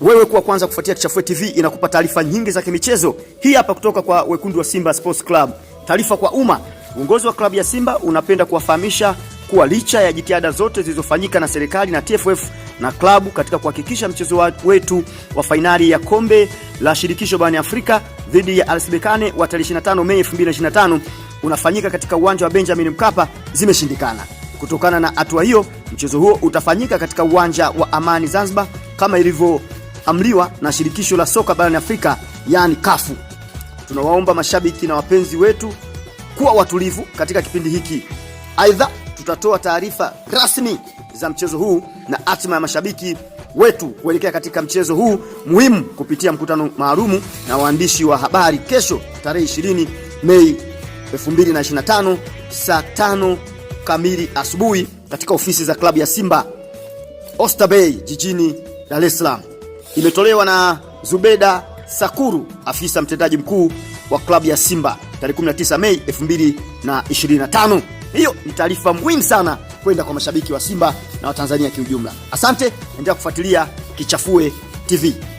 Wewe kuwa kwanza kufuatia Kichafue TV inakupa taarifa nyingi za kimichezo. Hii hapa kutoka kwa wekundu wa Simba Sports Club, taarifa kwa umma. Uongozi wa klabu ya Simba unapenda kuwafahamisha kuwa licha ya jitihada zote zilizofanyika na serikali na TFF na klabu katika kuhakikisha mchezo wetu wa fainali ya kombe la shirikisho barani Afrika dhidi ya RS Berkane wa tarehe 25 Mei 2025 unafanyika katika uwanja wa Benjamin Mkapa zimeshindikana. Kutokana na hatua hiyo, mchezo huo utafanyika katika uwanja wa Amani Zanzibar kama ilivyo ameamriwa na shirikisho la soka barani Afrika yani kafu. Tunawaomba mashabiki na wapenzi wetu kuwa watulivu katika kipindi hiki. Aidha, tutatoa taarifa rasmi za mchezo huu na hatima ya mashabiki wetu kuelekea katika mchezo huu muhimu kupitia mkutano maalumu na waandishi wa habari kesho tarehe 20 Mei 2025 saa tano kamili asubuhi katika ofisi za klabu ya Simba Oysterbay jijini Dar es Salaam imetolewa na Zubeda Sakuru, afisa mtendaji mkuu wa klabu ya Simba tarehe 19 Mei 2025. Hiyo ni taarifa muhimu sana kwenda kwa mashabiki wa Simba na Watanzania kiujumla. Asante, endelea kufuatilia Kichafue TV.